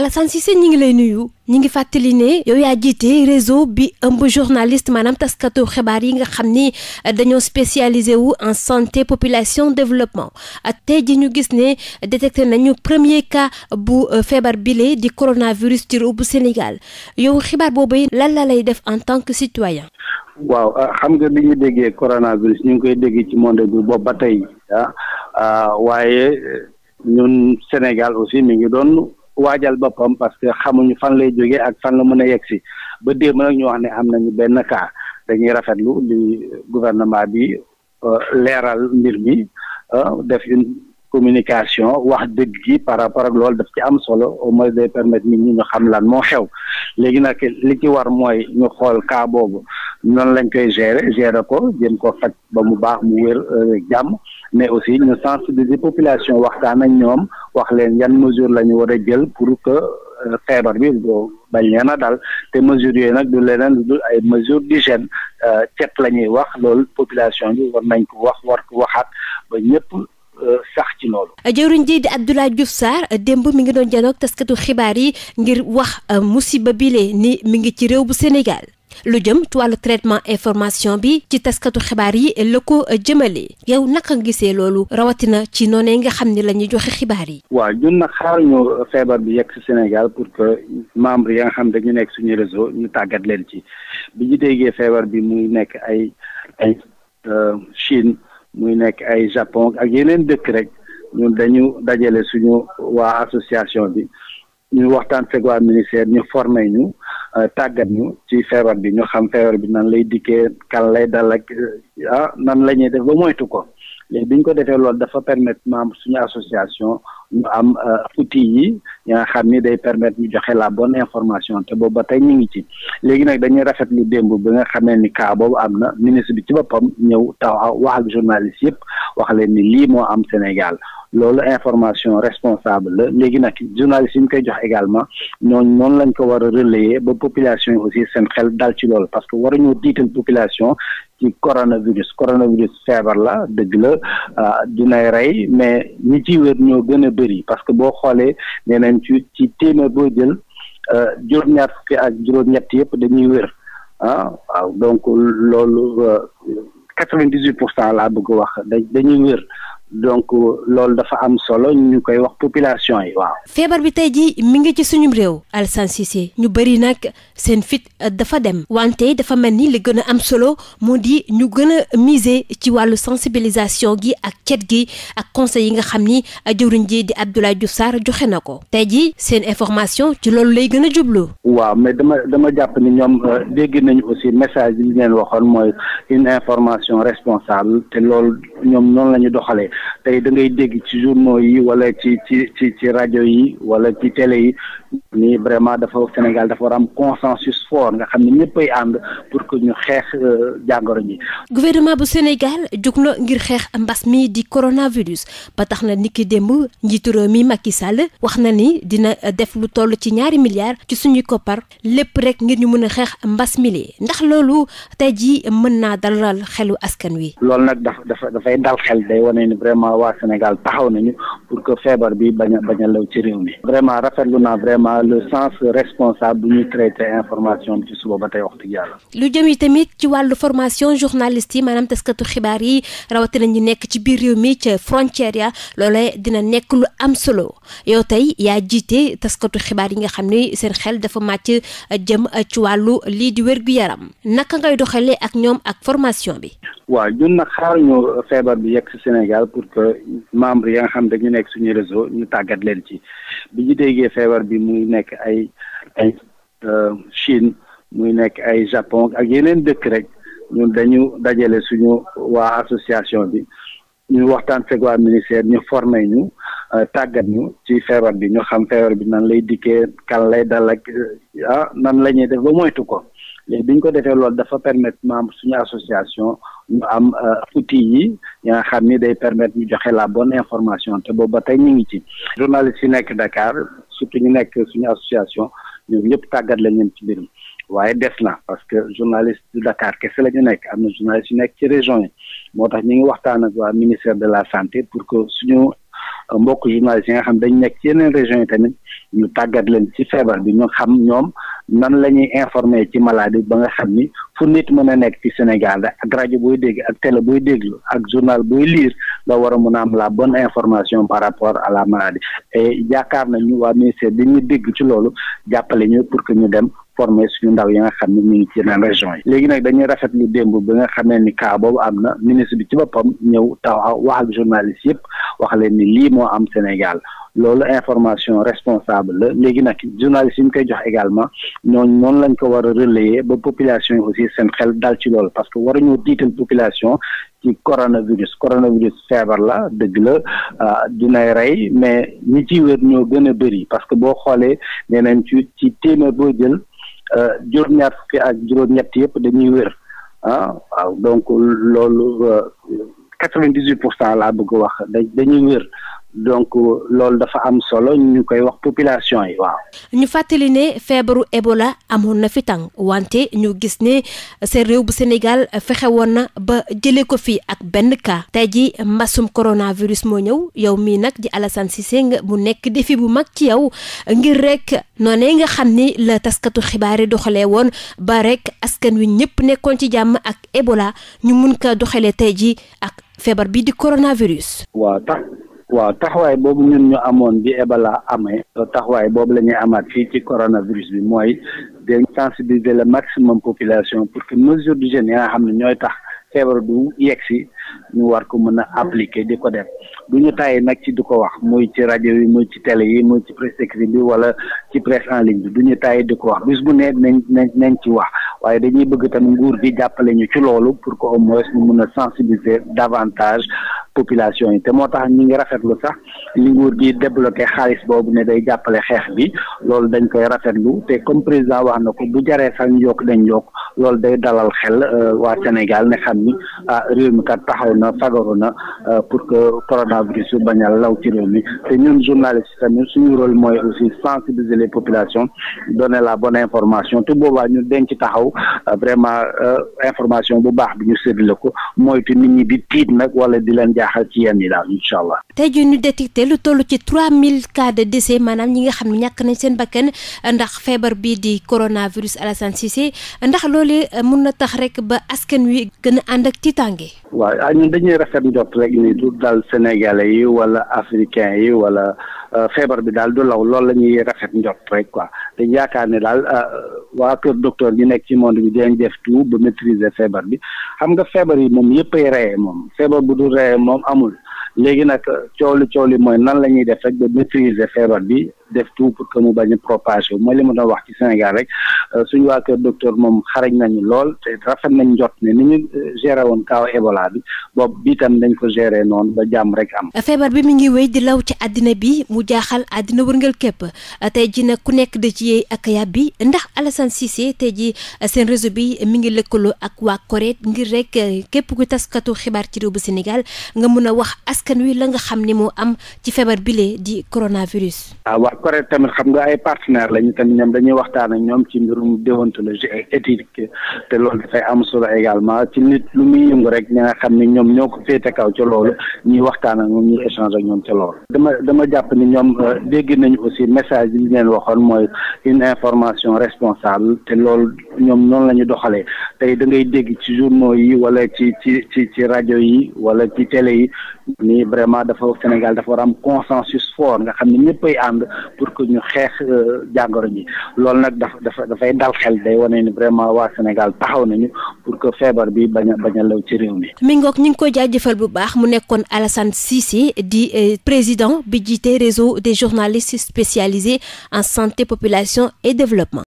Alassane Cissé ñu ngi lay nuyu ñu ngi fàttali ne yow yaa jiite réseau bi ëmb journaliste maanaam taskatu xibaar yi nga xam ni euh, dañoo spécialisé wu en santé population développement euh, tey ji ñu gis ne détecté nañu premier cas bu euh, feebar bile di coronavirus ci réew bu Sénégal yow xibaar boobu lan la lay def en tant que citoyen waaw xam nga bi ñu déggee coronavirus ñu ngi koy dégg ci monde bi boobu ba tey ah, ah waaye ñun Sénégal aussi mi ngi doon waajal boppam parce que xamuñu fan lay jógee ak fan la mën a yegg si ba démb nag ñu wax ne am nañu benn cas dañuy rafetlu li gouvernement bi euh, leeral mbir mi euh, def une communication wax dëgg gi par rapport ak loolu daf ci am solo au moins day permettre nit ñi ñu xam lan moo xew léegi nag li ci war mooy ñu xool kaa boobu noonu lañ koy gérer gérer ko jëm ko faj ba mu baax mu wér euh, jàmm mais aussi ñu sensibiliser population waxtaan a ñoom wax leen yan mesure la ñu war a jël pour que euh, feebar bi boo bañ leen a dal te mesures yooyu nag du leneen lu dul ay mesures d'hygiène euh, cet la ñuy wax lool population bi war nañ ko wax war ko waxaat ba ñëpp euh, sax ci loolu. jëwriñ ji di di Abdoulaye Diouf Sarr démb mi ngi doon janoog taskatu xibaar yi ngir wax musiba bile ni mi ngi ci réew bu Sénégal. lu jëm ci wàllu traitement information bi ci taskatu xibaar yi la ko jëmale yow naka nga gisee loolu rawatina ci yi nga xam ni la ñuy joxe xibaar yi. waa ñun nag xaar ñu feebar bi yegg si Sénégal pour que membre yi nga xam dañu nekk suñu réseau ñu tàggat leen ci bi ñu déggee feebar bi muy nekk ay ay euh, Chine muy nekk ay Japon ak yeneen dëkk rek. ñun dañu dajale suñu waa association bi ñu waxtaan fekk waa ministère ñu formé ñu Euh, tàggat ñu ci feebar bi ñu xam feebar bi nan lay dikkee kan lay dal ak euh, ah nan la ñuy def ba moytu ko léegi bi ñu ko defee loolu dafa permettre membre suñu association ñu am euh, outil yi ya nga xam ni day permettre ñu joxe la bon information te boobu ba tey ñu ngi ci léegi nag dañuy rafet rafetlu démb bi nga xamee ni cas boobu am na ministre bi ci boppam ñëw taxaw wax ak journaliste yëpp wax leen ni lii moo am Sénégal loolu information responsable la léegi nag journaliste yi ñu koy jox également ñooñu noonu lañ ko war a relayer ba population yi aussi seen xel dal ci loolu parce que waruñoo tiital population ci coronavirus coronavirus feebar la dëgg la ah, dinay rey mais ñi ci wér ñoo gën a bëri parce que boo xoolee nee nañ ci ci téeméer boo jël ah, juróom-ñaar fukki ak juróom-ñett yëpp dañuy wér ah waaw donc loolu ah, quatre-vingt-dix-huit pour cent laa bëgg wax dañuy wér donc loolu dafa am solo ñu koy wax population yi waaw. feebar bi tey jii mi ngi ci suñu réew. Alassane Cissé ñu bëri nag seen fit euh, dafa dem. wante dafa mel ni li gën a am solo moo di ñu gën a miser ci wàllu sensibilisation gi ak cet gi ak conseil yi nga xam ni euh, jëwriñ ji di Abdoulaye Diouf Sarr joxe na ko. tey jii seen information ci loolu lay gën a jublu. waaw mais dama dama jàpp ni ñoom euh, dégg nañu aussi message yi ñu leen waxoon mooy une information responsable te loolu ñoom noonu la ñu doxalee. tey da ngay dégg ci journaux yi wala ci ci ci ci rajo yi wala ci télé yi nii vraiment dafa Sénégal dafa war am consensus fort nga xam ne ñëppay ànd pour que ñu xeex euh, jàngoro ji. gouvernement bu Sénégal jug na ngir xeex mbas mi di coronavirus ba tax na niki démb njiitu réew mi Macky Sall wax na ni dina euh, def lu toll ci ñaari milliards ci suñuy koppar lépp rek ngir ñu mën a xeex mbas mi li ndax loolu tey ji mën naa dalal xelu askan wi. loolu nag dafay dal xel day vraiment waa Sénégal taxaw nañu pour que feebar bi bañ a bañ a law ci réew mi. vraiment rafetlu naa vraiment le sens responsable bu ñuy traité information bi ci suba ba tey waxtu yàlla. lu jëm yi tamit ci wàllu formation journaliste yi maanaam taskatu xibaar yi rawatina ñu nekk ci biir réew mi ca frontière ya loolee dina nekk lu am solo yow tey yaa jiite taskatu xibaar yi nga xam ni seen xel dafa màcc jëm ci wàllu lii di wér gu yaram naka ngay doxalee ak ñoom ak formation bi. pour que membre yi nga xam dañu nekk suñu réseau ñu tàggat leen ci bi ñu déggee feebar bi muy nekk ay ay euh, Chine muy nekk ay Japon ak yeneen dëkk rek ñun dañu dajale suñu waa association bi ñu waxtaan fekk waa ministère ñu formé ñu euh, tàggat ñu ci feebar bi ñu xam feebar bi nan lay dikkee kan lay dal ak ah, nan la ñuy def ba moytu ko léegi bi ñu ko defee loolu dafa permettre membre suñu association ñu am euh, outil yi yi nga xam ni day permettre ñu joxe la bonne information te boobu ba tey ñu ngi ci journaliste yi nekk dakaar surtout ñu nekk suñu association ñoom ñëpp tàggat la ñeen ci mbirum waaye des na parce que journaliste du Dakar la ñu nekk am na journaliste yu nekk ci région yi moo tax ñu ngi waxtaan ak waa ministère de la santé pour que ñu euh, mbokk journaliste yi nga xam dañu nekk ci yeneen région yi tamit ñu tàggat leen ci feebar bi ñu xam ñoom nan la ñuy informer ci maladie ba nga xam ni fu nit mën a nekk ci Sénégal ak rajo booy dégg ak télé booy déglu ak journal booy liir nga war a mun a am la bonne information par rapport à la maladie et yaakaar nañu waa ministère bi ñu dégg ci loolu jàppale ñu pour que ñu dem former suñu ndaw yi nga xam ne ñu ngi ci yeneen région yi léegi nag dañuy rafet lu démb bi nga xamee ni cas boobu am na ministre bi ci boppam ñëw taw wax ak journaliste yëpp wax leen ni lii moo am Sénégal loolu information responsable la léegi nag journaliste yi ñu koy jox également ñooñu noonu lañ ko war a ba population yi aussi seen xel dal ci lool parce que waruñoo diital population ci coronavirus coronavirus feebar la dëgg la ah, dinay rey mais nit yi wér ñoo gën a bëri parce que boo xoolee nee nañ ci ci téeméer boo jël ah, juróom-ñaar ak juróom-ñett yëpp dañuy wér ah waaw donc loolu ah, quatre-vingt-dix-huit pour cent laa bëgg wax dañuy wér donc loolu dafa am solo ñu koy wax population yi waaw. ñu fàttali ne feebaru Ebola amoon na fi tàng wante ñu gis ne seen réew bu senegal fexe woon na ba jëlee ko fii ak benn cas tey ji mbasum virus moo ñëw yow mii nag di Alassane Cissé nga mu nekk défi bu mag ci yow ngir rek noonee nga xam ni la taskatu xibaar yi doxalee woon ba rek askan wi ñëpp nekkoon ci jàmm ak Ebola ñu mun ko doxalee tey ji ak feebar bi di coronavirus. waaw tax waaw taxawaay boobu ñun ñu amoon bi Ebola amee taxawaay boobu la ñuy amaat ci ci coronavirus bi mooy dañ sensibiliser le maximum population pour que mesure d'hygiène yi nga xam ne ñooy tax feebar du yegg si ñu war ko mën a appliquer di ko def du ñu tàyyi nag ci di ko wax muy ci rajo yi muy ci télé yi muy ci presse écrite bi wala ci presse en ligne bi du ñu tàyyi di ko wax bis bu ne nañ nañ ci wax waaye dañuy bëgg tamit nguur bi jàppale ñu ci loolu pour que au moins ñu mën a sensibiliser davantage population yi te moo tax ñi ngi rafetlu sax li nguur gi débloqué xaalis boobu ne day jàppale xeex bi loolu dañ koy rafetlu te comme président wax na ko bu jaree sax ñu yokk dañ yokk loolu day dalal xel euh, waa Sénégal ne xam ni ah réew mi kat taxaw na fagaru na euh, pour que coronavirus bi bañ a law ci réew mi te ñun journaliste tamit suñu role mooy aussi sensibiliser les populations donner la bonne information te boobaa ñu denc taxaw euh, vraiment information bu baax bi ko jaaxal ci yenn yi daal incha allah. tey jii ñu détecté lu toll ci 3000 cas de décès maanaam ñi nga xam ñàkk nañ seen bakkan ndax feebar bii di coronavirus Alassane Cissé ndax loolee mun na tax rek ba askan wi gën a ànd ak tiitaange. waaw ñun dañuy rafet njot rek ni du dal sénégalais yi wala africain yi wala. Euh, feebar bi daal du law loolu la ñuy rafet njot rek quoi te yaakaar ne daal euh, waa kër docteur bi nekk ci monde bi dinañ def tout ba maîtriser feebar bi xam nga feebar yi moom yëpp ay moom feebar bu dul reye moom amul léegi nag coow li coow li mooy nan la ñuy def rek ba maîtriser feebar bi def tout pour que mu bañ a propagé mooy li ma doon wax ci Sénégal rek euh, suñu waa kër moom xarañ nañu lool te rafet nañ jot ne ni ñu euh, géré woon kaaw Ebola bi boobu tam dañ ko géré noonu ba jàmm rek am. feebar bi mi ngi wéy di law ci àddina bi mu jaaxal àddina wërngal képp tey ji nag ku nekk da ci ak yàb bi ndax Alassane Cissé tey ji euh, seen réseau bi mi ngi lëkkaloo ak waa Corée ngir rek képp ku taskatu xibaar ci réew bu Sénégal nga mën a wax askan wi la nga xam ni moo am ci feebar bile di coronavirus. CORED tamit xam nga ay partenaire lañu tamit ñoom dañuy waxtaan ak ñoom ci mbirum déontologie ak éthique te loolu dafay am solo également ci nit lu muy yëngu rek ñi xam ne ñoom ñoo ko féete kaw ca loolu ñuy waxtaan ak ñoom ñuy échange ak ñoom ca loolu. dama dama jàpp ni ñoom euh, dégg nañu aussi message bi ñu leen waxoon mooy une information responsable te loolu ñoom noonu la ñu doxalee tey da ngay dégg ci journaux yi wala ci ci ci ci rajo yi wala ci télé yi ni vraiment dafa Sénégal dafa war am consensus nga xam ne ñëppay ànd pour que ñu xeex euh, jàngoro ji loolu nag dafa dafa dafay dal xel day wane ni vraiment waa Sénégal taxaw nañu pour que feebar bi bañ a bañ a ci réew mi. mi ngoog ñu ngi koy jaajëfal bu baax mu nekkoon Alassane Cissé di euh, président bi jiite réseau des journalistes spécialisés en santé population et développement.